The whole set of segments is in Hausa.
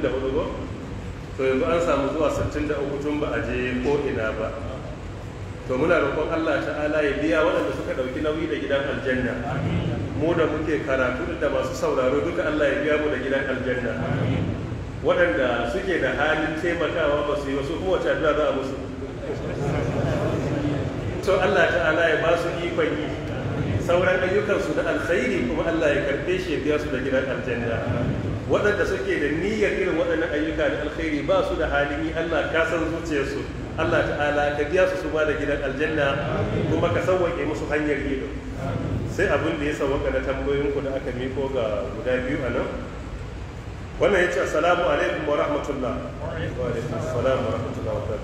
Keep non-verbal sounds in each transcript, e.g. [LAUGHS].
64 ba to yanzu an samu zuwa 63 tun ba a je ko ina ba to muna roƙon Allah ta'ala ya biya waɗanda suka ɗauki nauyi da gidan aljanna mu da muke karatu da masu sauraro duka Allah ya biya mu da gidan aljanna waɗanda suke da halin taimakawa ba su yi wasu kowace addu'a za a musu to Allah ta'ala ya ba su ikon yi sauran ayyukansu da alkhairi kuma Allah ya karɓe shi ya biya su da gidan aljanna waɗanda suke da niyyar irin waɗannan ayyuka da alkhairi ba su da halin yi Allah ka san zuciyarsu Allah ta'ala ka biya su su ba da gidan aljanna kuma ka sauwaƙe musu hanyar yi sai abin da ya sauwaƙa na ku da aka miko ga guda biyu a nan wannan ya ce assalamu alaikum wa rahmatullah wa alaikum assalam wa rahmatullah wa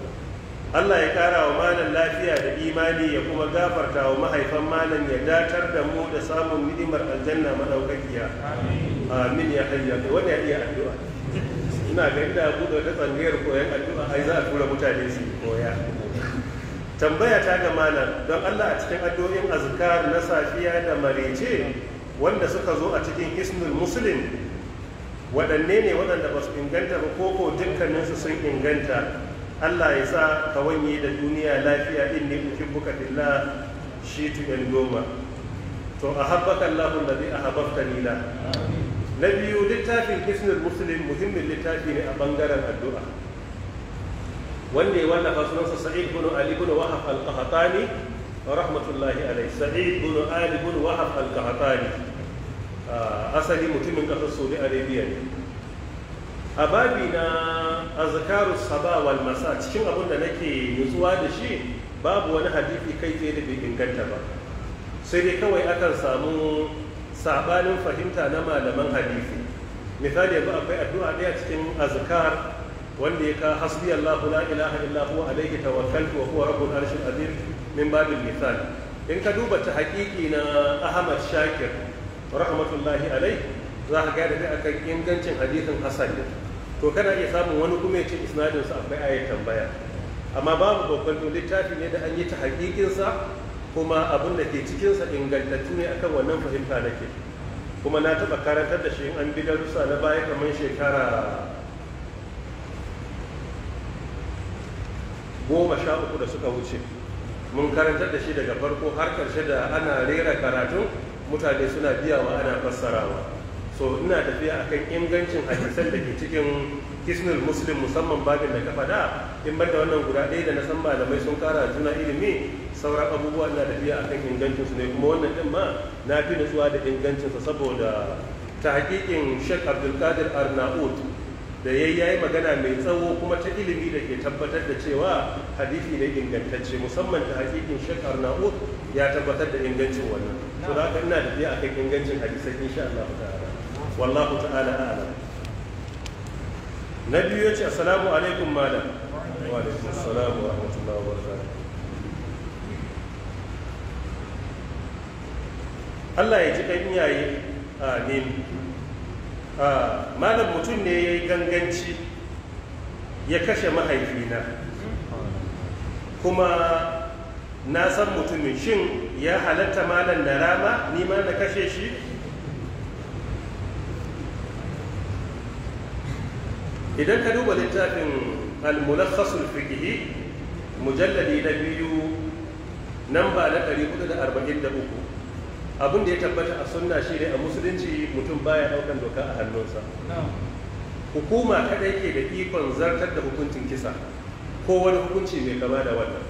Allah ya kara wa malam lafiya da imani ya kuma gafarta wa mahaifan malam ya datar da mu da samun ni'imar aljanna madaukakiya amin amin ya hayya to wani ya iya addu'a ina ga inda buɗe ta tsangayar koyan addu'a ai za a tura mutane su koya tambaya ta gama nan don Allah a cikin addu'o'in azkar na safiya da marece wanda suka zo a cikin isnul muslim waɗanne ne waɗanda ba su inganta ba koko dukkaninsu sun inganta Allah ya sa kawanye da duniya lafiya in ne buka billah shi tu goma to a da zai a ahabbaka lila na biyu littafin kisnar musulun muhimmin littafi ne a bangaren addu'a wanda ya wallafa sunansa sa'id bin ali bin wahab al-qahtani rahmatullahi alaihi sa'id bin ali bin wahab al-qahtani ah, asali mutumin kasar saudi arabia ne a babi na azkaru saba wal masa cikin abin da nake nutsuwa da shi babu wani hadithi kai tsaye da bai inganta ba sai dai kawai akan samu sabanin fahimta na malaman hadisi misali yanzu akwai addu'a ɗaya cikin azkar wanda ya ka hasbi Allahu la ilaha illa huwa alayhi tawakkaltu wa huwa rabbul arshil azim min babil misal in ka duba ta haƙiƙi na Ahmad Shakir rahmatullahi alayhi za ka ga da akan ingancin hadisin Hasan to kana iya samun wani kuma ya isnadin sa akwai ayat tambaya amma babu babban littafi ne da an yi ta haƙiƙinsa kuma abin da ke cikinsa ingantattu ne akan wannan fahimta nake ke kuma na taɓa karantar da shi an bi darussa na baya kamar shekara goma sha uku da suka wuce mun karantar da shi daga farko har ƙarshe da ana rera karatun mutane suna biyawa ana fassarawa so ina tafiya akan ingancin hadisan da ke cikin kisnul muslim musamman babin da ka faɗa in bar da wannan guda ɗaya da na san malamai sun kara juna ilimi sauran abubuwan na tafiya kan ingancinsu ne kuma wannan din ma na fi nutsuwa da ingancinsa saboda ta hakikin Sheikh Abdulkadir Arnaud da ya yi magana mai tsawo kuma ta ilimi da ke tabbatar da cewa hadisi ne ingantacce musamman ta hakikin Sheikh Arnaud ya tabbatar da ingancin wannan to za ka ina a kan ingancin hadisai insha Allah ta'ala wallahu ta'ala a'lam na biyu ya ce assalamu alaikum malam wa alaikum assalam wa rahmatullahi wa barakatuh Allah ya ji kan iyaye a ah, malam mutum ne ya yi ganganci ya kashe mahaifina kuma na san mutumin shin ya halatta malam na rama neman na kashe shi idan ka duba littafin al-mulakhasul fiqhi mujalladi na biyu namba na 443 abin da ya tabbata a sunna shi ne a musulunci mutum baya daukan doka a hannunsa hukuma kadai ke da ikon zartar da hukuncin kisa ko wani hukunci mai kama da wannan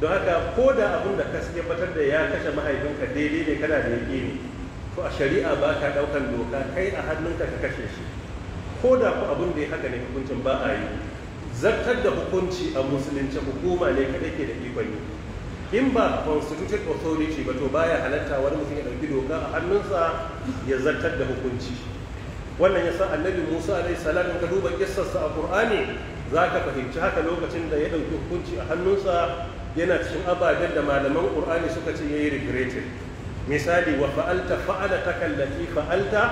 don haka ko da abin da ka fatar da ya kashe mahaifinka daidai ne kana da ke ne to a shari'a ba ka daukan doka kai a hannunka ka kashe shi ko da ku abin da ya haka ne hukuncin ba a yi zartar da hukunci a musulunci hukuma ne kadai ke da ikon yi in ba constituted authority ba to baya halatta wani mutum ya ɗauki doka a hannunsa ya zartar da hukunci wannan ya sa annabi musa alaihi salam in ka duba kissarsa a qur'ani za ka fahimci haka lokacin da ya ɗauki hukunci a hannunsa yana cikin ababen da malaman qur'ani suka ce yayi regretted misali wa fa'alta fa'ala takallati fa'alta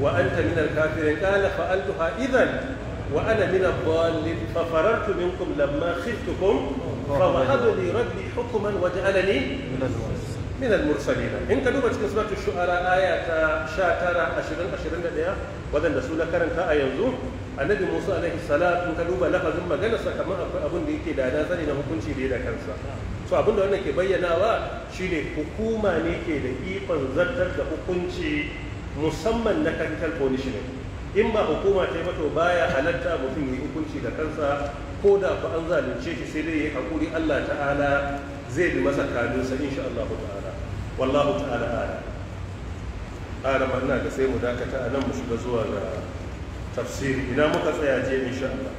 wa anta min al-kafirin qala fa'altuha idan wa ana min ad-dallin fa farartu minkum lamma khiftukum فوهب لي ربي حكما وجعلني من المرسلين إن كانوا بس سورة الشعراء آية شاترة أشرين أشرين لديها وذن سورة كرن تا ينزو النبي موسى عليه السلام إن كانوا لفظ ما جلس كما أبن دي كده نازل إنه كن شيء بيدا كنسا so abin da wannan ke bayyanawa shine hukuma ne ke da ikon zartar da hukunci musamman na capital punishment in ba hukuma ta yi mato baya halatta mutum yi hukunci da kansa ko da ku an zalunce shi sai dai ya hakuri Allah ta'ala zai bi masa kadinsa insha Allah ta'ala wallahu ta'ala ala ala ma'ana da sai mu dakata a nan mu shiga zuwa ga tafsiri ina muka tsaya je insha Allah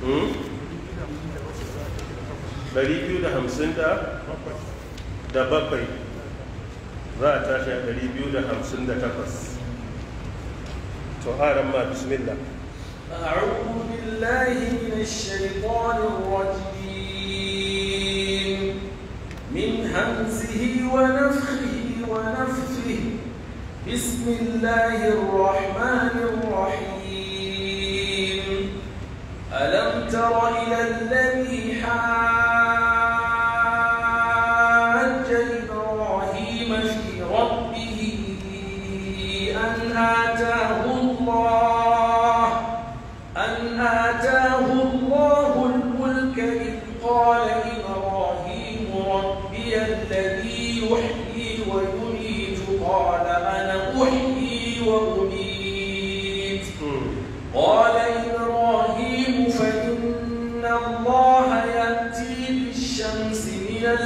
hmm? ɗari biyu da hamsin da bakwai za a tashi a 258 to aran ma bismillah أعوذ بالله من الشيطان الرجيم من همزه ونفخه ونفثه بسم الله الرحمن الرحيم ألم تر إلى الذي حاج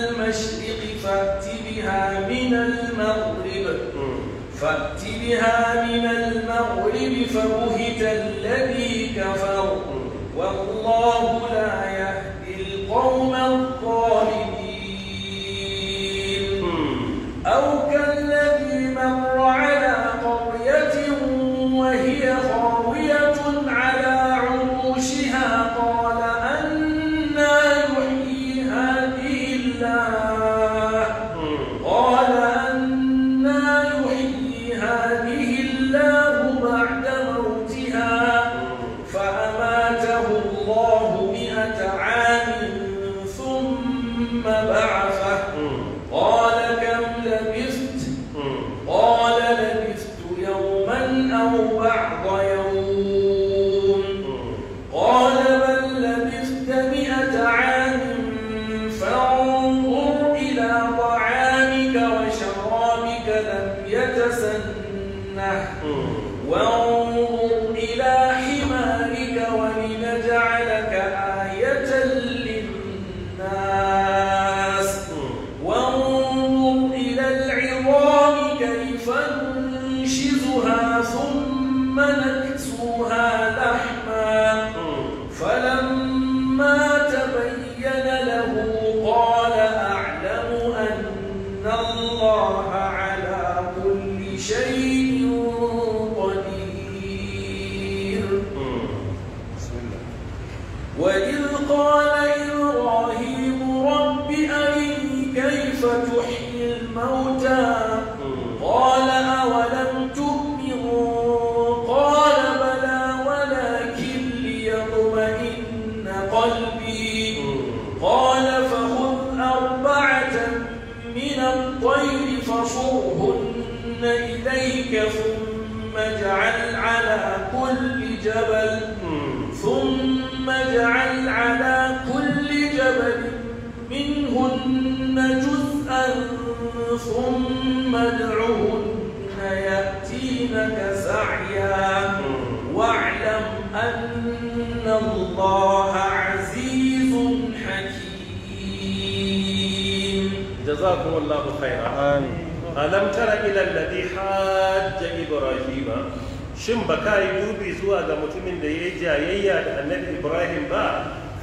المشرق فأت بها من المغرب فأت بها من المغرب فبهت الذي كفر والله لا يهدي القوم الظالمين وإذ قال ثم ادعهن يأتينك سعيا واعلم أن الله عزيز حكيم جزاكم الله خيرا آمين alam tara ila alladhi hajja ibrahima shin ka yi dubi zuwa ga mutumin da yayi jayayya da annabi ibrahim ba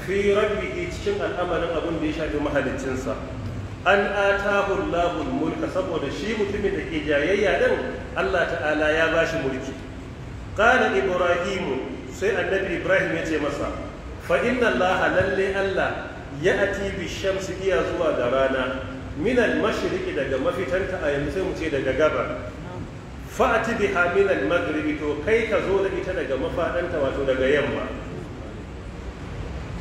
fi rabbihi cikin al'amarin abin da ya shafi mahaliccinsa an atahu Allahul mulka saboda shi mutumin da ke jayayya din Allah ta'ala ya bashi mulki qala ibrahim sai annabi ibrahim ya ce masa fa inna Allah lalle Allah ya ati bi shamsi iya zuwa da rana min al mashriqi daga mafitanta a yanzu sai mu ce daga gaba. Fa ati bi min al maghribi to kai ka zo da ita daga mafadanta wato daga yamma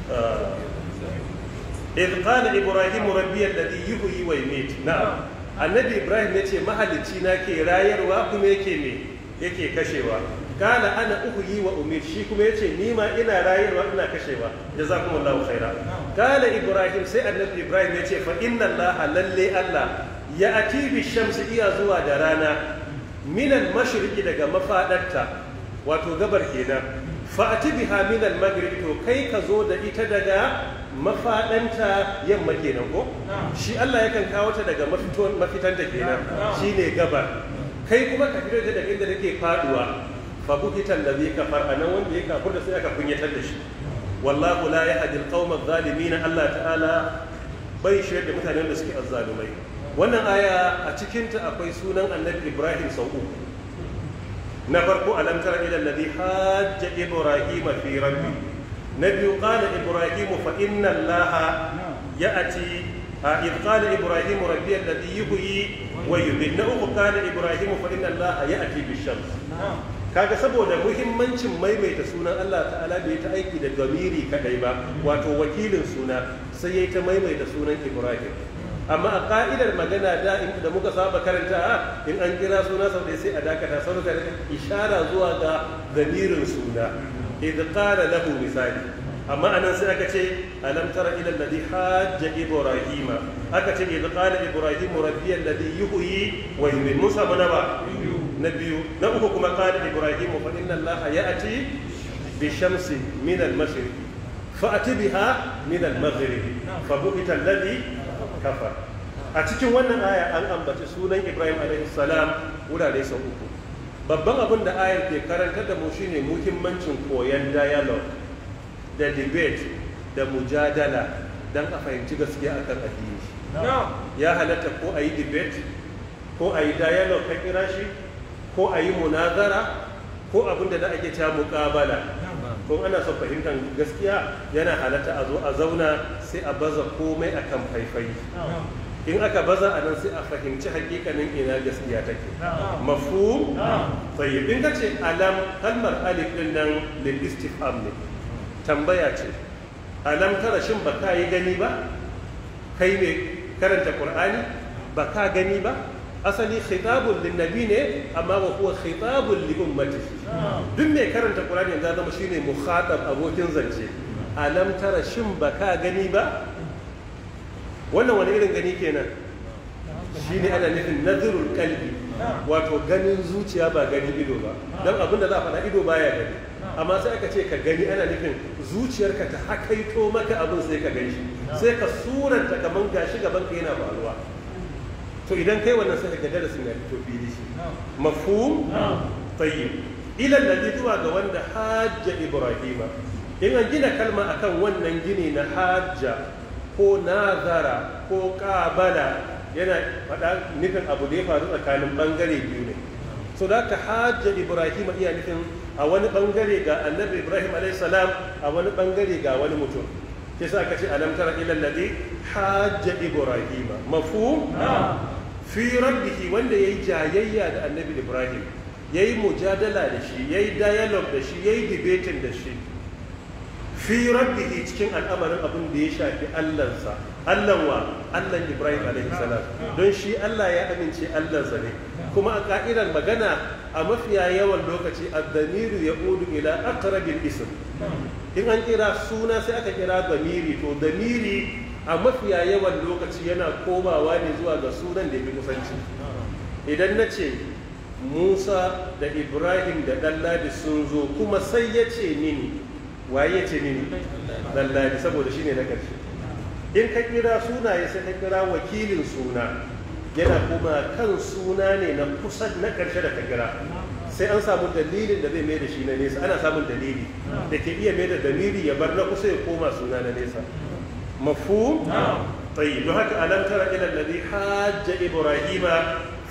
ah. idh qala ibrahim rabbi alladhi yuhyi wa yumiit na'am annabi ibrahim yace mahalicci na ke rayarwa kuma yake me yake kashewa Kala ana uhyi wa umir shi kuma yace ni ma ina rayarwa ina kashewa jazakumullahu khaira kana ibrahim sai annabi ibrahim yace fa inna allaha lalle allah ya ati bi shamsi iya zuwa da rana minal mashriqi daga mafadarta wato gabar kenan fa'ati biha min al-maghrib to kai ka zo da ita daga mafadanta yamma kenan ko shi Allah yakan kawo ta daga mafiton mafitanta kenan shine gabar kai kuma ka fito da inda take faduwa fa bukitan da zai kafar anan wanda ya kafur da sai aka kunyatar da shi wallahu la yahdi al-qawma adh-dhalimin Allah ta'ala bai shirye da mutanen da suke azzalumai wannan aya a cikinta akwai sunan annabi Ibrahim sau uku na farko alam tara ila alladhi hajja ibrahim fi rabbi na biyu qala ibrahim fa inna allaha ya'ti إذ قال إبراهيم ربي الذي يحيي ويميت na uku قال إبراهيم فإن الله يأتي بالشمس kaga saboda muhimmancin maimaita sunan Allah ta'ala bai ta aiki da gamiri kadai ba wato wakilin suna sai ya ta maimaita sunan Ibrahim amma a ka'idar magana da da muka saba karanta in an kira suna sau da sai a dakata sau da ishara zuwa ga zamirin suna idh qala lahu misali amma anan sai aka ce alam tara ila alladhi hajja ibrahima aka ce idh qala ibrahim rabbi alladhi yuhyi wa yumiit musa bana ba na biyu na uku kuma qala ibrahim fa inna allaha ya'ti bi shamsi min al-mashriq fa ati biha min al-maghrib fa bu'ita alladhi kafar a cikin wannan aya an ambaci sunan ibrahim alaihi salam wurare sau uku babban abin da ayar ke karanta da mu shine muhimmancin koyon dialogue da debate da mujadala don a fahimci gaskiya akan addini ya halatta ko a yi debate ko a yi dialogue kan kira shi ko a yi munazara ko abin da ake ta muƙabala ko ana son fahimtar gaskiya yana halatta a zo a zauna sai a baza komai a kan faifai in aka baza a nan sai a fahimci hakikanin ina gaskiya take mafu tayyib in ka ce alam kalmar alif din nan lil istifham ne tambaya ce alam tara shin ba ka yi gani ba kai ne karanta qur'ani ba ka gani ba asali khitabun linnabi ne amma ba huwa khitabun li ummati duk mai karanta Quran yanzu zama shine mukhatab abokin zance alam tara shin baka gani ba wannan wani irin gani kenan shine ana nufin nazarul qalbi wato ganin zuciya ba gani ido ba don abinda za a faɗa ido baya gani amma sai aka ce ka gani ana nufin zuciyarka ta hakaito maka abin sai ka gani sai ka suranta kamar gashi gaban ka yana faruwa to idan kai wannan sai ka darasin ya fito fili shi mafhum tayyib ila zuwa ga wanda hajja ibrahima in an gina kalma akan wannan gini na hajja ko nazara ko kabala yana faɗa nufin abu da ya faru tsakanin bangare biyu ne so da ka hajja ibrahim iya nufin a wani ɓangare ga annabi ibrahim alaihissalam a wani bangare ga wani mutum ke sa ka ce alamtar ilallade hajja ibrahima mafu fi rabbihi wanda yayi jayayya da annabi ibrahim yayi mujadala da shi yayi dialogue da shi yayi debating da shi fi rabbihi cikin al'amarin abin da ya shafi allansa allan wa allan ibrahim alaihi salam don shi allah ya amince allansa ne kuma a ka'idar magana a mafiya yawan lokaci adamiru ya udu ila akarabin isin in an kira suna sai aka kira damiri to damiri a mafiya yawan lokaci yana komawa ne zuwa ga sunan da ya kusanci idan na ce musa da ibrahim da ɗanladi sun zo kuma sai ya ce mini waye ya ce mini ɗanladi saboda shine na ƙarshe in ka kira sunaye sai ka kira wakilin suna yana kuma kan suna ne na kusa na ƙarshe da ka kira sai an samu dalilin da zai mai da shi na nesa ana samun dalili da ke iya mai da dalili ya bar na kusa ya koma suna na nesa mafhum tayyib don haka alam tara ila alladhi hajja ibrahima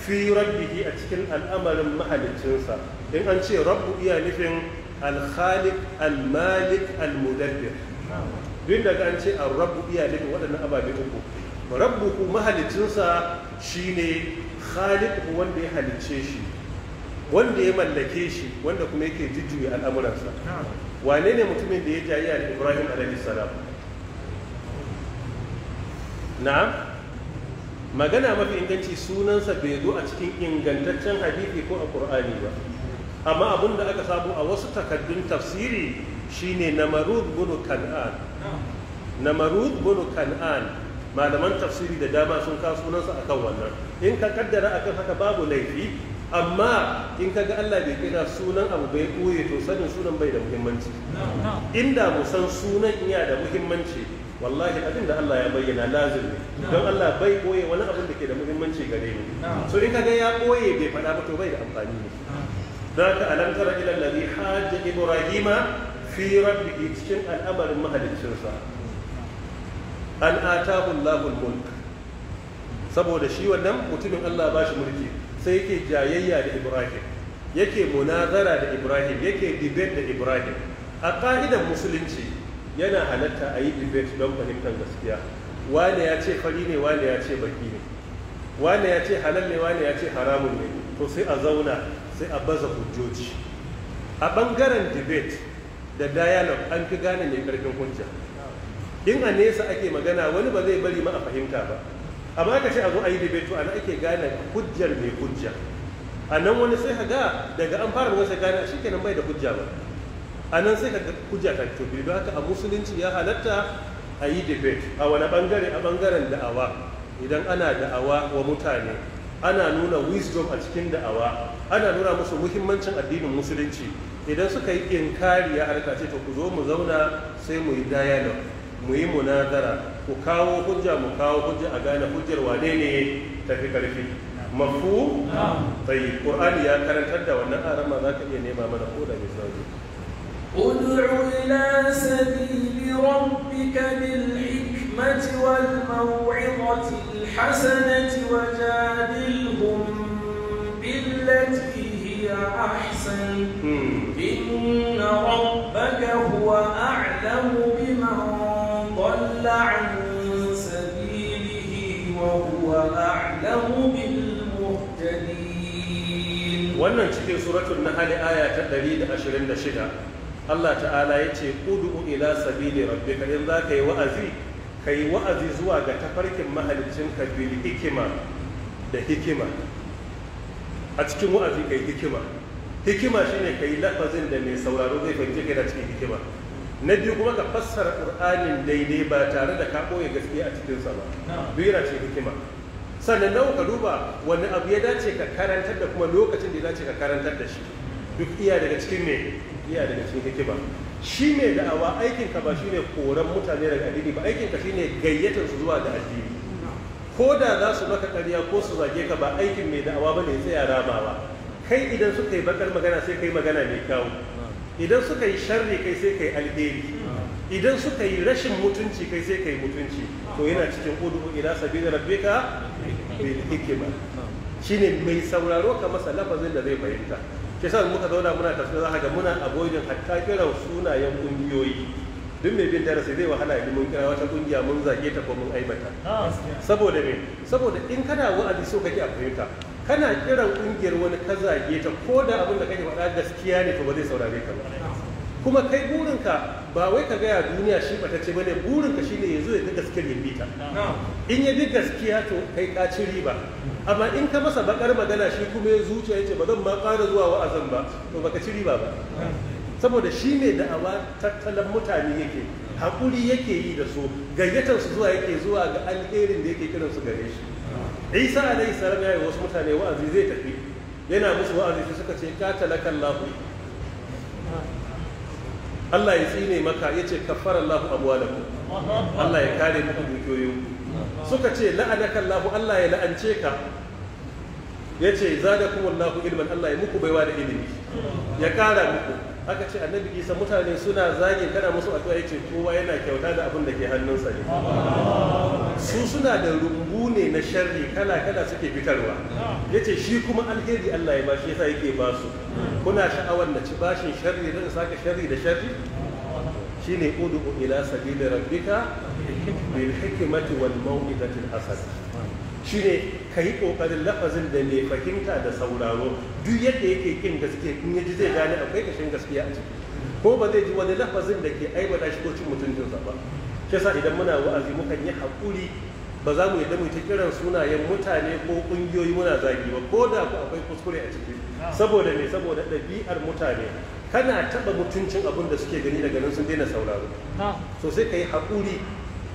fi rabbihi a cikin al'amarin mahaliccinsa in an ce rabbu iya nufin al-khaliq al-malik al ce an rabbu iya waɗannan ababe uku rabbu ku mahalicinsa shine khaliq wanda ya halicce shi wanda ya mallake shi wanda kuma yake jujjuya al'amuransa Wanene mutumin da ya jayi ibrahim alaihi salam na'am magana mafi inganci sunansa bai zo a cikin ingantaccen hadisi ko a qur'ani ba amma abin da aka samu a wasu takaddun tafsiri shine namarud bunu kan'an namarud bunu kan'an malaman tafsiri da dama sun kawo sunansa akan wannan in ka kaddara akan haka babu laifi amma in ka ga Allah bai kira sunan abu bai koye to sanin sunan bai da muhimmanci inda musan sunan iya da muhimmanci wallahi abin da Allah ya bayyana lazim ne don Allah bai koye wani abin da ke da muhimmanci gare ni so in ga ya koye bai faɗa ba to bai da amfani ne zaka alam tara ila allazi hajja ibrahima fi rabbihi cikin al'amarin mahaliccinsa an atahu al mulk saboda shi wannan mutumin Allah ba shi mulki sai yake jayayya da Ibrahim yake munazara da Ibrahim yake debate da Ibrahim a ka'idan musulunci yana halatta a yi debate don fahimtar gaskiya wane ya ce fari ne wane ya ce baki ne wane ya ce halal ne wane ya ce haramun ne to sai a zauna sai a baza hujjoji a ɓangaren debate da dialogue an fi gane mai ƙarfin hujja in a nesa ake magana wani ba zai bari ma a fahimta ba amma ka ce a zo a yi debate a ana ake gane hujjar mai hujja a nan wani sai ka ga daga an fara wasa gane a shi kenan bai da hujja ba a nan sai ka hujja ta to biyu haka a musulunci ya halatta a yi debate a wani bangare a bangaren da'awa idan ana da'awa wa mutane ana nuna wisdom a cikin da'awa ana nuna musu muhimmancin addinin musulunci idan suka yi inkari ya harka ce to ku zo mu zauna sai mu yi dialogue mu yi munazara ku kawo hujja mu kawo hujja a gane hujjar wane ne tafi karfi mafu tayi qur'ani ya karantar da wannan arama zaka iya nema mana ko da misali ادع إلى سبيل ربك بالحكمة والموعظة الحسنة وجادلهم بالتي هي أحسن إن ربك هو أعلم بمن ضل عن سبيله وهو أعلم بالمهتدين. wannan cikin suratul nahl aya ta 126 Allah ta'ala ya ce udu ila sabili rabbika in za ka yi wa'azi ka yi wa'azi zuwa ga tafarkin mahalicin ka bil hikima da hikima a cikin wa'azi ka yi hikima hikima shine ka yi lafazin da mai sauraro zai fahimci kai da cikin hikima na biyu kuma ka fassara ƙur'anin daidai ba tare da ka ɓoye gaskiya a cikinsa ba biyu ce hikima sannan nawa ka duba wani abu ya dace ka karantar da kuma lokacin da ya dace ka karantar da shi duk iya daga cikin mai. iya daga cikin hikima shi mai da'awa aikinka ba shi ne koran mutane daga addini ba aikinka ne gayyatar su zuwa da addini ko da za su maka ƙarya ko su zage ka ba aikin mai da'awa ba ne tsaya ramawa kai idan suka yi bakar magana sai kai magana mai kyau idan suka yi sharri kai sai kai alheri idan suka yi rashin mutunci kai sai kai mutunci to yana cikin udu ila sabila rabbika bil hikma shine mai sauraro ka masa lafazin da zai fahimta ke sa muka zauna muna tafsir za ga muna avoiding hatta kiran sunayen ƙungiyoyi. duk mai bin darasi zai wahala idan mun kira wata kungiya mun zage ta ko mun aibata ah, saboda me saboda in kana wa'azi so kake a fahimta kana kiran ƙungiyar wani ka zage ta ko da abin da kake faɗa gaskiya ne to ba zai saurare ka ba ah. kuma kai burinka ba wai ka gaya duniya shi ba ta ce bane burinka shine yanzu ya ga gaskiyar ya bita. Ah. in ya bi gaskiya to kai ka ci riba amma in ka masa bakar magana shi kuma ya zuciya ya ce ba zan ma ƙara zuwa wa'azin ba to baka ci riba ba saboda shi ne da'awa tattalin mutane yake haƙuri yake yi da su gayyatar su zuwa yake zuwa ga alherin da yake kiran su gare shi isa alaihi salam ya yi wasu mutane wa'azi zai tafi yana musu wa'azi sai suka ce katalakan lafu Allah ya tsine maka ya ce kafara da ku Allah ya kare muku dukiyoyinku suka ce la'anaka Allah Allah ya la'ance ka ya ce za da kuma Allahu ilmin Allah ya muku baiwa da ilimi ya kara muku aka ce annabi isa mutane suna zagin kana musu addu'a ya ce kowa yana kyauta da abin da ke hannunsa ne su suna da rumbu ne na sharri kala kala suke fitarwa yace shi kuma alheri Allah ya bashi yasa yake basu kuna sha'awar na ci bashin sharri don saka sharri da sharri shine udu ila sabili rabbika bil hikmati wal mau'izati al shi ne ka yi ƙoƙarin lafazin da mai fahimta da sauraro duk yadda yake kin gaske in ya ji zai gane akwai kashin gaskiya a ciki ko ba zai ji wani lafazin da ke aibata shi ko cin mutuncinsa ba shi yasa idan muna wa'azi mukan yi haƙuri ba za mu yi damu ta kiran sunayen mutane ko ƙungiyoyi muna zagi ba ko da ku akwai kuskure a ciki saboda me saboda ɗabi'ar mutane kana taɓa mutuncin abin da suke gani daga nan sun daina sauraro Sosai sai ka yi haƙuri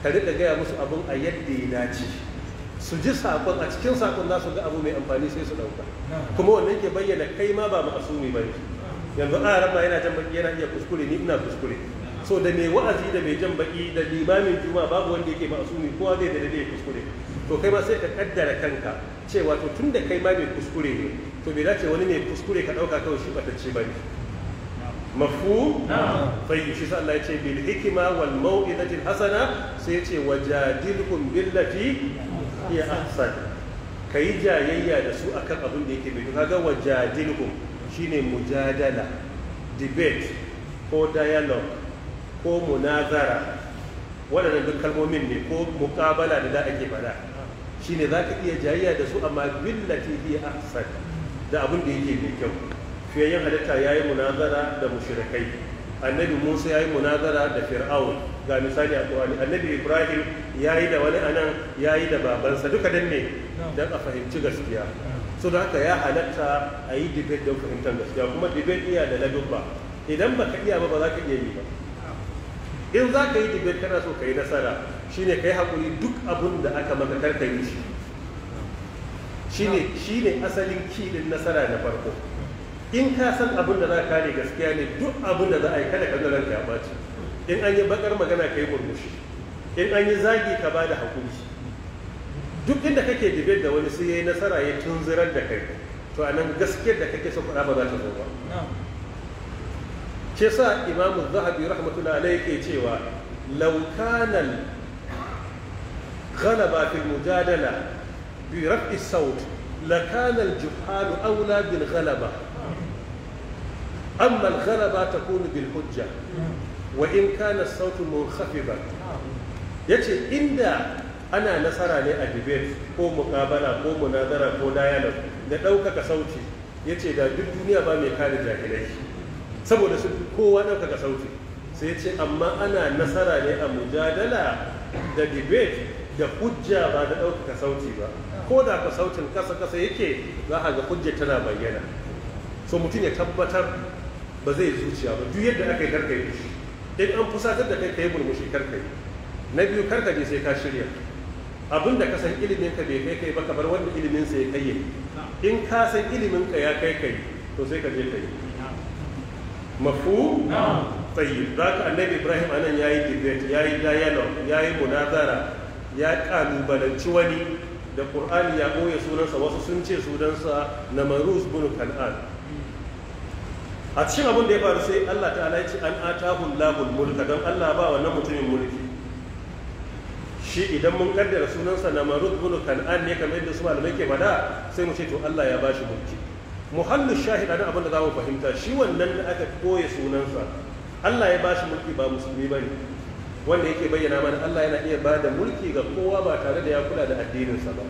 ka riƙa gaya musu abin a yadda ya dace su ji sakon a cikin sakon za su ga abu mai amfani sai su ɗauka kuma wannan ke bayyana kai ma ba ma'asumi ba yanzu a rama yana jan baki yana iya kuskure ni ina kuskure so da mai wa'azi da mai jan baki da limamin juma babu wanda yake ma'asumi kowa zai da dade kuskure to kai ma sai ka kaddara kanka cewa to da kai ma mai kuskure ne to bai dace wani mai kuskure ka ɗauka kawai shi ɓatacce ba ne mafu yi shi sa Allah bil hikma wal mau'izatil hasana sai yace wajadilhum billati hiya ahsan ka yi jayayya da su akan abin da yake mai kaga wajadilhum shine mujadala debate ko dialogue ko munazara wadannan duk kalmomin ne ko mukabala da za a ke faɗa shine za ka iya jayayya da su amma billati iya ahsan da abin da yake mai kyau fiye yin halitta ya yi munazara da mushrikai annabi musa ya yi munazara da fir'aun ga misali a ƙwani annabi ibrahim ya yi da wani anan ya yi da babansa duka dan ne don a fahimci gaskiya su da haka ya halatta a yi dibet don fahimtar gaskiya kuma dibet iya da ladubba idan ba ka iya ba ba za ka iya yi ba in za ka yi dibet kana so ka yi nasara shine ka yi haƙuri duk abun da aka maka ka yi shi shine asalin kilin nasara na farko in ka san abin da za ka kare gaskiya ne duk abin da za a yi kada ka ranka ya ɓaci in an yi bakar magana ka yi murmushi in an yi zagi ka ba da hakuri duk inda kake dibe da wani sai ya yi nasara ya tunzirar da kai to a nan gaskiyar da kake so faɗa ba za ta zo ba Ke sa imamu zahabi rahmatullahi alaihi ke cewa laukanan غلب في المجادلة برفع الصوت لكان الجهال أولى بالغلبة أما الغلبة تكون بالحجة sauti كان الصوت منخفضا yace inda ana nasara ne a debate ko mukabala ko munazara ko dialogue da ɗaukaka sauti yace da duk duniya ba mai kare jahilai saboda su kowa ɗaukaka sauti sai yace amma ana nasara ne a mujadala da debate da hujja ba da ɗaukaka sauti ba ko da ka sautin kasa kasa yake za a ga hujja tana bayyana so mutum ya tabbatar ba zai zuciya ba duk yadda aka yi karka yi shi an fusatar da kai ka yi murmushi karka na biyu karka je sai ka shirya abin da ka san ilimin ka bai kai kai ba kamar wanda ilimin sai ya kai in ka san ilimin ka ya kai kai to sai ka je kai mafu tsayi za ka annabi ibrahim a nan ya yi debate ya yi dialogue ya yi munazara ya kalubalanci wani da ƙur'ani ya ɓoye sunansa wasu sun ce sunansa na maruz bin kan'an a cikin abin da ya faru sai Allah ta'ala ya ce an atahul lahul mulka don Allah ba wannan mutumin mulki shi idan mun kaddara sunansa na marud bin kan'an ne kamar yadda su malamai ke fada sai mu ce to Allah ya bashi mulki muhallin shahid a abin da za mu fahimta shi wannan da aka koya sunansa Allah ya bashi mulki ba musulmi bane wanda yake bayyana mana Allah yana iya ba da mulki ga kowa ba tare da ya kula da addininsa ba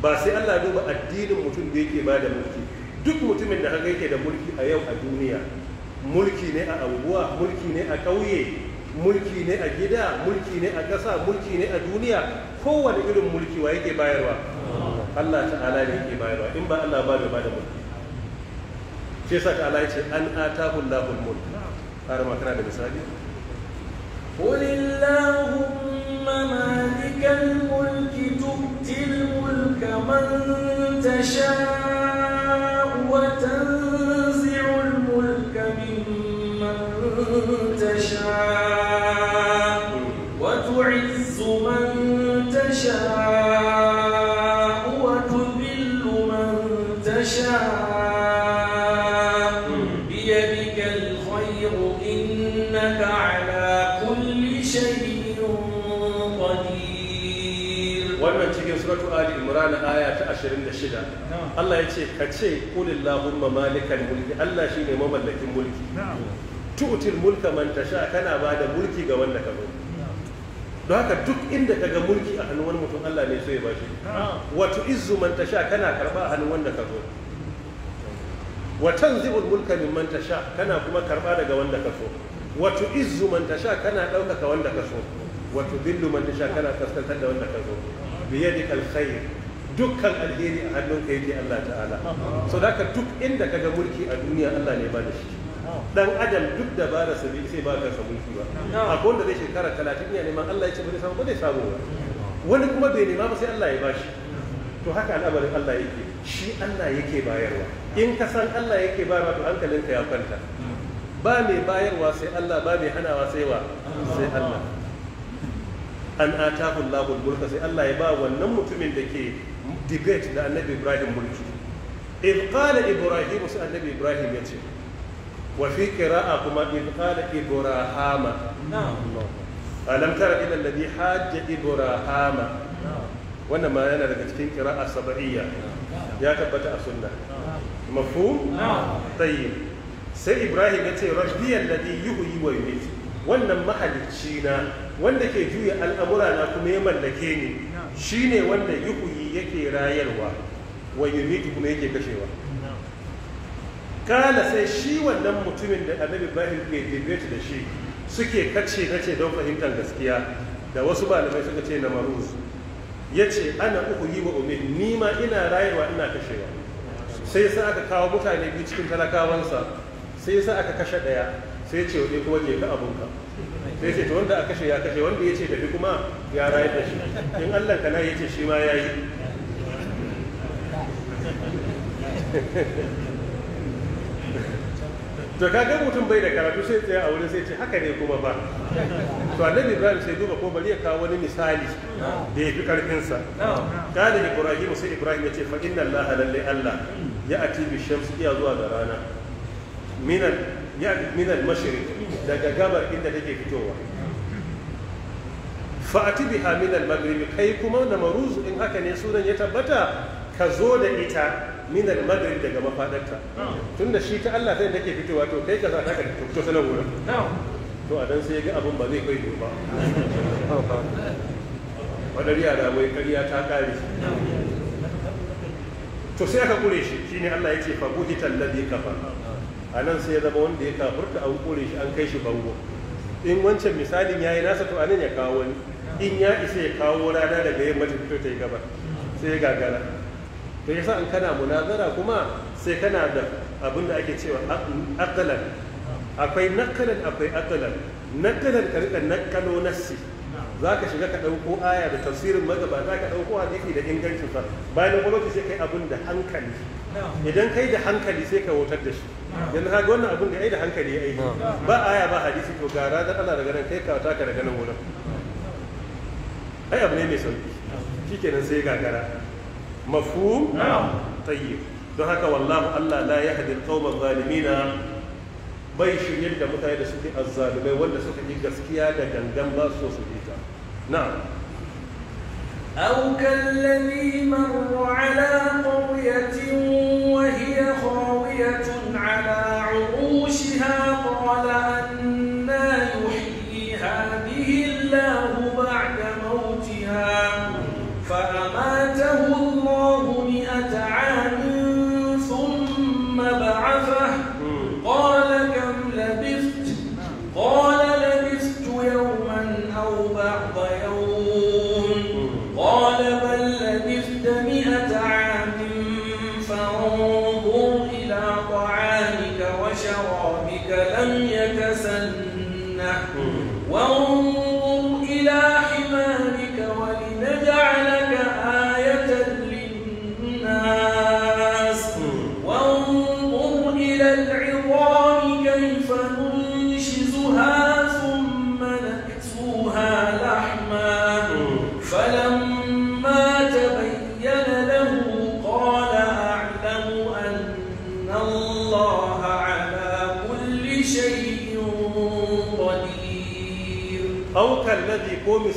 ba sai Allah duba addinin mutum da yake ba da mulki duk mutumin da haka yake da mulki a yau a duniya mulki ne a anguwa mulki ne a ƙauye mulki ne a gida mulki ne a ƙasa mulki ne a duniya kowane irin mulki wa yake bayarwa Allah ta'ala ne yake bayarwa in ba Allah ba bai bada mulki shi yasa ta'ala ya ce an atahu Allahul mulk har ma da misali قل اللهم مالك الملك تؤتي الملك من تشاء وتنزع الملك ممن تشاء وتعز من تشاء 26 Allah ya ce ka ce kulillahumma malikan mulki Allah shi ne mamallakin mulki tu'til mulka man tasha kana ba da mulki ga wanda ka zo don haka duk inda ka ga mulki a hannun wani mutum Allah ne so ya bashi wa tu'izzu man tasha kana karba a hannun wanda ka zo Watan tanzibul mulka mimman tasha kana kuma karba daga wanda ka so wa tu'izzu man tasha kana ɗaukaka wanda ka so wa tudillu man tasha kana kaskantar da wanda ka zo. biyadikal khair dukkan alheri a hannunka yake Allah ta'ala so da ka duk inda ka ga mulki a duniya Allah ne ba da shi dan adam duk da ba da sabi sai ba ka samu mulki ba akwai wanda zai shekara 30 ne neman Allah ya ce ba samu ba zai samu ba wani kuma bai nema ba sai Allah ya bashi to haka al'amarin Allah yake shi Allah yake bayarwa in ka san Allah yake bayarwa to hankalinka ya kwanta ba mai bayarwa sai Allah ba mai hanawa sai wa sai Allah an atahu Allahul mulka sai Allah ya ba wannan mutumin da ke debate da annabi ibrahim mulki إذ قال إبراهيم النبي إبراهيم يتي وفي قراءة كما إذ قال إبراهام نعم ألم تر إلى الذي حاج إبراهام wannan ma yana daga cikin kira'a saba'iyya ya tabbata a sunna mafhum tayyib sai ibrahim ya ce rabbi alladhi yuhyi wa yumiit wannan mahalicci na wanda ke juya al'amura na kuma ya mallake ni shine wanda yuhyi yake rayarwa wa yumitu kuma yake kashewa kala sai shi wannan mutumin da annabi ibrahim ke debate da shi suke kace kace don fahimtar gaskiya da wasu malamai suka ce na maruz ya ce ana uku yi wa umar ni ma ina rayarwa ina kashewa sai sa aka kawo mutane biyu cikin talakawansa sai sa aka kashe ɗaya sai ce wani kuma ke ka abunka sai ce to wanda a kashe ya kashe wanda ya ce tafi kuma ya rayar da shi in allah kana ya ce shi ma ya yi to kaga mutum bai da karatu sai tsaye a wurin sai ce haka ne kuma ba to annabi ibrahim sai duba ko bari ya kawo wani misali da ya fi karfinsa kana ibrahim sai ibrahim ya ce fa inna allaha lalle allah ya ati bi shamsi iya zuwa da rana minan ya minan daga gabar inda take fitowa fa ati ha minan maghrib kai kuma na maruz in haka ne sunan ya tabbata ka zo da ita min da maghrib daga mafadarta tunda shi ta Allah sai da ke fitowa to kai kaza ta ka to na gura to a dan sai ga abun ba zai kai ba wadar yara mai kariya ta kare to sai aka kure shi shine Allah ya ce fa buhita kafar a nan sai ya zama wanda ya kafurta an kure shi an kai shi bango in wancan misalin yayi nasa to anan ya kawo wani in ya isa ya kawo rana daga yamma ta fito ta yi gaba sai ya gagara to sa in kana munazara kuma sai kana da abin da ake cewa aqlan akwai nakalan akwai aqlan nakalan ka rika nakalo nassi zaka shiga ka dauko aya da tafsirin za ka dauko hadisi da ingancin sa bayan gwamnati sai kai abin da hankali idan kai da hankali sai ka wutar da shi yanzu kaga wannan abin da ai da hankali ya aiki ba aya ba hadisi to ga ranar ana daga nan kai ka taka daga nan wurin ai abu ne mai sauki shikenan sai gagara مفهوم؟ نعم طيب دهك والله الله لا يهدي القوم الظالمين بيش يلقى متايد سوكي الظالمين ولا سوكي يجلس كيادة كان دم لا سوكي ديتا نعم أو كالذي مر على قرية وهي خاوية على عروشها قال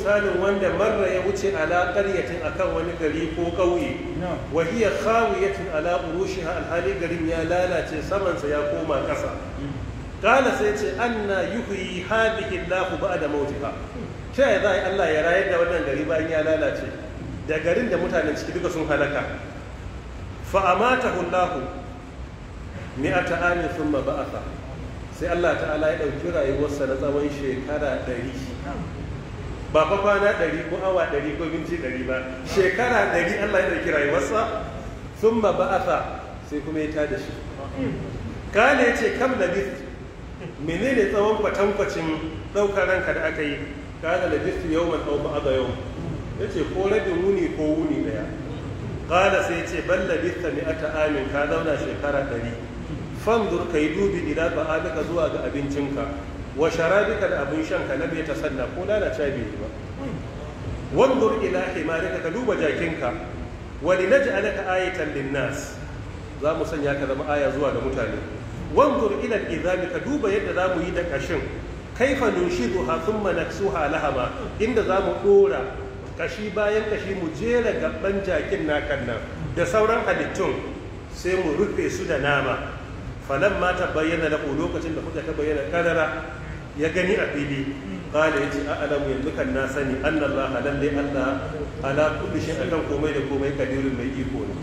misalin wanda marra ya wuce ala ƙaryatin akan wani gari ko ƙauye wa hiya khawiyatun ala urushiha alhali garin ya lalace samansa ya koma ƙasa kala sai ce anna yuhyi hadhihi Allahu ba'da mautiha ta yaya za a yi Allah ya rayar da wannan gari bayan ya lalace da garin da mutanen ciki duka sun halaka fa amatahu Allahu mi'ata amin thumma ba'atha sai Allah ta'ala ya ɗauki rayuwarsa na tsawon shekara ɗari ba fa kwana ɗari ko awa ɗari ko minti ɗari ba shekara ɗari Allah ya ɗauki rayuwarsa sun ba ba'atha sai kuma ya tada shi kale ya ce kam labith menene tsawon kwatankwacin ɗaukar ranka da aka yi yau labith yawman a ba'da yau. ya ce ko rabin wuni ko wuni daya kala sai ya ce bal labith mi'ata amin ka zauna shekara ɗari fandur yi dubi ila ba'alika zuwa ga abincinka wa sharabika da abin shan ka ta sanna ko lalace bai yi ba wanzur ila himarika ka duba jakinka wa linaj'alaka ayatan linnas za mu sanya ka zama aya zuwa ga mutane wanzur ila izami ka duba yadda za mu yi da kashin kaifa nunshiduha thumma naksuha lahama inda za mu dora kashi bayan kashi mu jera gaban jakin naka nan da sauran halittun sai mu rufe su da nama falamma ma ta bayyana lahu lokacin da kuka ta bayyana kadara ya gani a fili ce yace a'lamu yanzu kan na sani anna Allah lalle Allah ala kulli akan komai da komai kadirin mai iko ne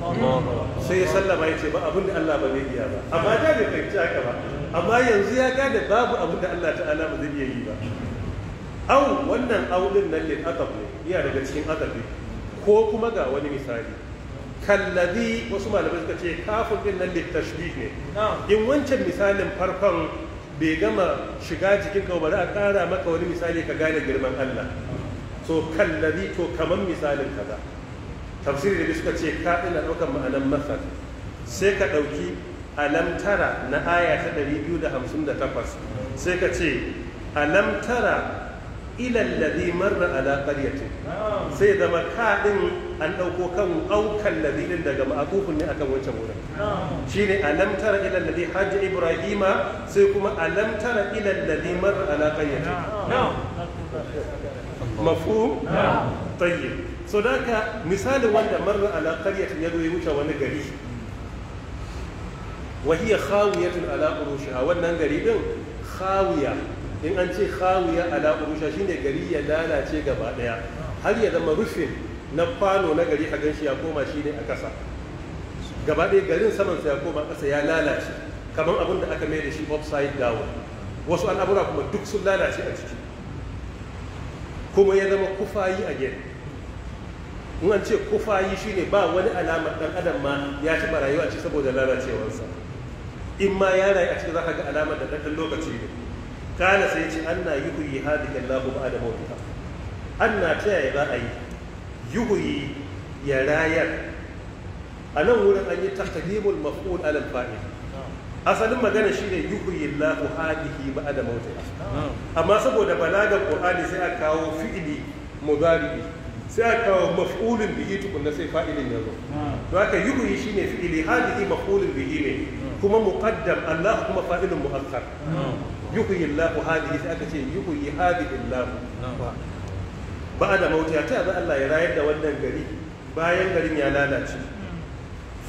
sai ya sallama ya ce ba abin da Allah ba zai iya ba amma bai fahimci haka ba amma yanzu ya gane babu abin da Allah ta'ala ba zai iya yi ba au wannan audin nan ne iya daga cikin aqabi ko kuma ga wani misali Kallabi wasu malamai suka ce kafin din nan lil ne in wancan misalin farkon bai gama shiga jikin ka bari a ƙara maka wani misali ka gane girman Allah to kallabi to kaman misalin kaza tafsiri da suka ce ka ina ɗaukar ma'anan masar, sai ka ɗauki alamtara na aya ta 258 sai ka ce alamtara ilallazi marra ala qaryatin sai zama ka an ɗauko kan aukan ladin daga ma'atufun ne akan wancan wurin Shi ne tara ila allazi hajja ibrahima sai kuma alam tara ila allazi marra ala qaryatin mafhum tayyib so daka misalin wanda marra ala qaryatin yazo ya wuce wani gari wa hiya khawiyatun ala a wannan gari din khawiya in an ce khawiya ala urusha shine gari ya lalace gaba daya har ya zama rufin na fano na gari a ganshi ya koma shi ne a kasa gaba daya garin saman sa ya koma kasa ya lalace kamar abin da aka mai da shi upside down wasu al'amura kuma duk sun lalace a ciki kuma ya zama kufayi a gari. in an ce kufayi shine ba wani alama dan adam ma ya ci rayuwa a ci saboda lalacewarsa in ma ya rayu a cikin za ka ga alamar da ɗan lokaci ne kana sai ce yi anna ba hadhihi Allahu ba'da mautika anna ta yaya za a yi huyi ya rayar a nan wurin an yi taqdimul mafi'ul alal fa'il asalin magana shi ne shine yuhyi Allahu ba da mautika amma saboda balagar ƙorani sai a kawo fi'ili mudari'i sai a kawo mafulin bihi tukunna sai fa'ilin ya zo to haka yuhyi shine fi'ili hadihi mafulin bihi ne kuma muqaddam Allah kuma fa'ilun mu'akkar yuhyi Allah hadihi sai aka ce yuhyi hadihi Allah ba da mauti ta ba Allah ya rayar da wannan gari bayan garin ya lalace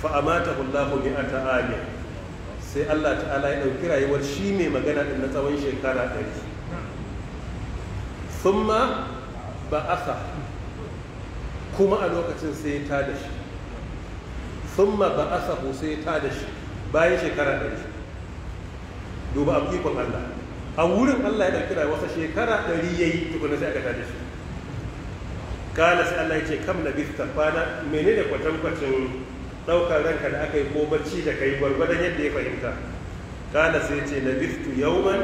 fa amatahu Allah mi'ata amin sai Allah ta'ala ya dauki rayuwar shi mai magana din na tsawon shekara 100 thumma ba'atha kuma a lokacin sai ta da shi a ba'athahu sai ta da shi bayan shekara ɗari duba a ikon Allah a wurin Allah ya ɗauki da wasa shekara ɗari ya yi tukuna sai aka tada shi kala sai Allah ya ce kam na bista kwana menene kwatankwacin ɗaukar ranka da aka yi ko bacci da kai gwargwadon yadda ya fahimta kala sai ce na bistu yauman